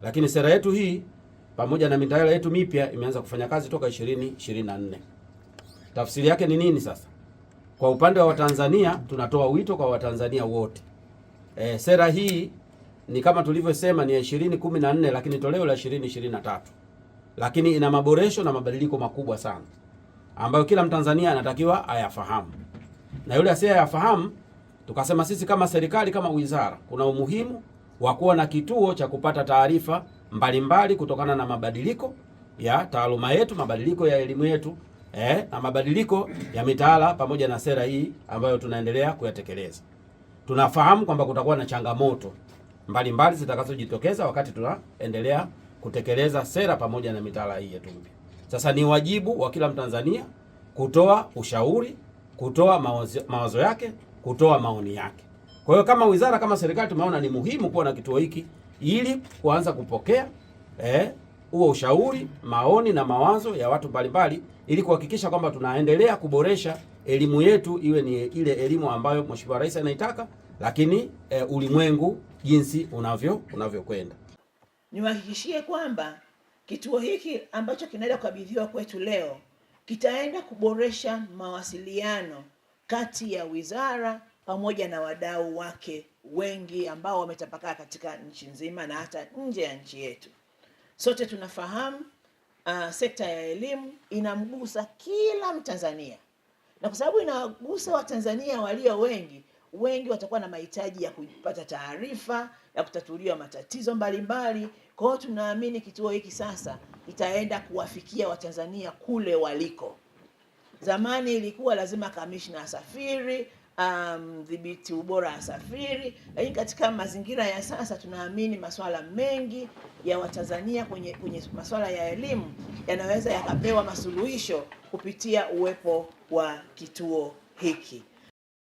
Lakini sera yetu hii pamoja na mitaala yetu mipya imeanza kufanya kazi toka 2024. Tafsiri yake ni nini sasa? Kwa upande wa Watanzania tunatoa wito kwa Watanzania wote. E, sera hii ni kama tulivyosema ni ya 2014 lakini toleo la 2023. Lakini ina maboresho na mabadiliko makubwa sana ambayo kila Mtanzania anatakiwa ayafahamu. Na yule asiyeyafahamu tukasema sisi kama serikali kama wizara kuna umuhimu wa kuwa na kituo cha kupata taarifa mbalimbali kutokana na mabadiliko ya taaluma yetu, mabadiliko ya elimu yetu eh, na mabadiliko ya mitaala pamoja na sera hii ambayo tunaendelea kuyatekeleza. Tunafahamu kwamba kutakuwa na changamoto mbalimbali zitakazojitokeza wakati tunaendelea kutekeleza sera pamoja na mitaala hii yetu mpya. Sasa ni wajibu wa kila Mtanzania kutoa ushauri, kutoa mawazo yake, kutoa maoni yake. Kwa hiyo kama wizara, kama serikali tumeona ni muhimu kuwa na kituo hiki ili kuanza kupokea eh, huo ushauri, maoni na mawazo ya watu mbalimbali ili kuhakikisha kwamba tunaendelea kuboresha elimu yetu iwe ni ile elimu ambayo Mheshimiwa Rais anaitaka, lakini eh, ulimwengu jinsi unavyo unavyokwenda. Niwahakikishie kwamba kituo hiki ambacho kinaenda kukabidhiwa kwetu leo kitaenda kuboresha mawasiliano kati ya wizara pamoja na wadau wake wengi ambao wametapakaa katika nchi nzima na hata nje ya nchi yetu. Sote tunafahamu uh, sekta ya elimu inamgusa kila Mtanzania, na kwa sababu inawagusa Watanzania walio wengi, wengi watakuwa na mahitaji ya kupata taarifa ya kutatuliwa matatizo mbalimbali. Kwa hiyo tunaamini kituo hiki sasa kitaenda kuwafikia Watanzania kule waliko. Zamani ilikuwa lazima kamishna asafiri mdhibiti um, ubora wa usafiri. Lakini katika mazingira ya sasa tunaamini masuala mengi ya Watanzania kwenye, kwenye masuala ya elimu yanaweza yakapewa masuluhisho kupitia uwepo wa kituo hiki.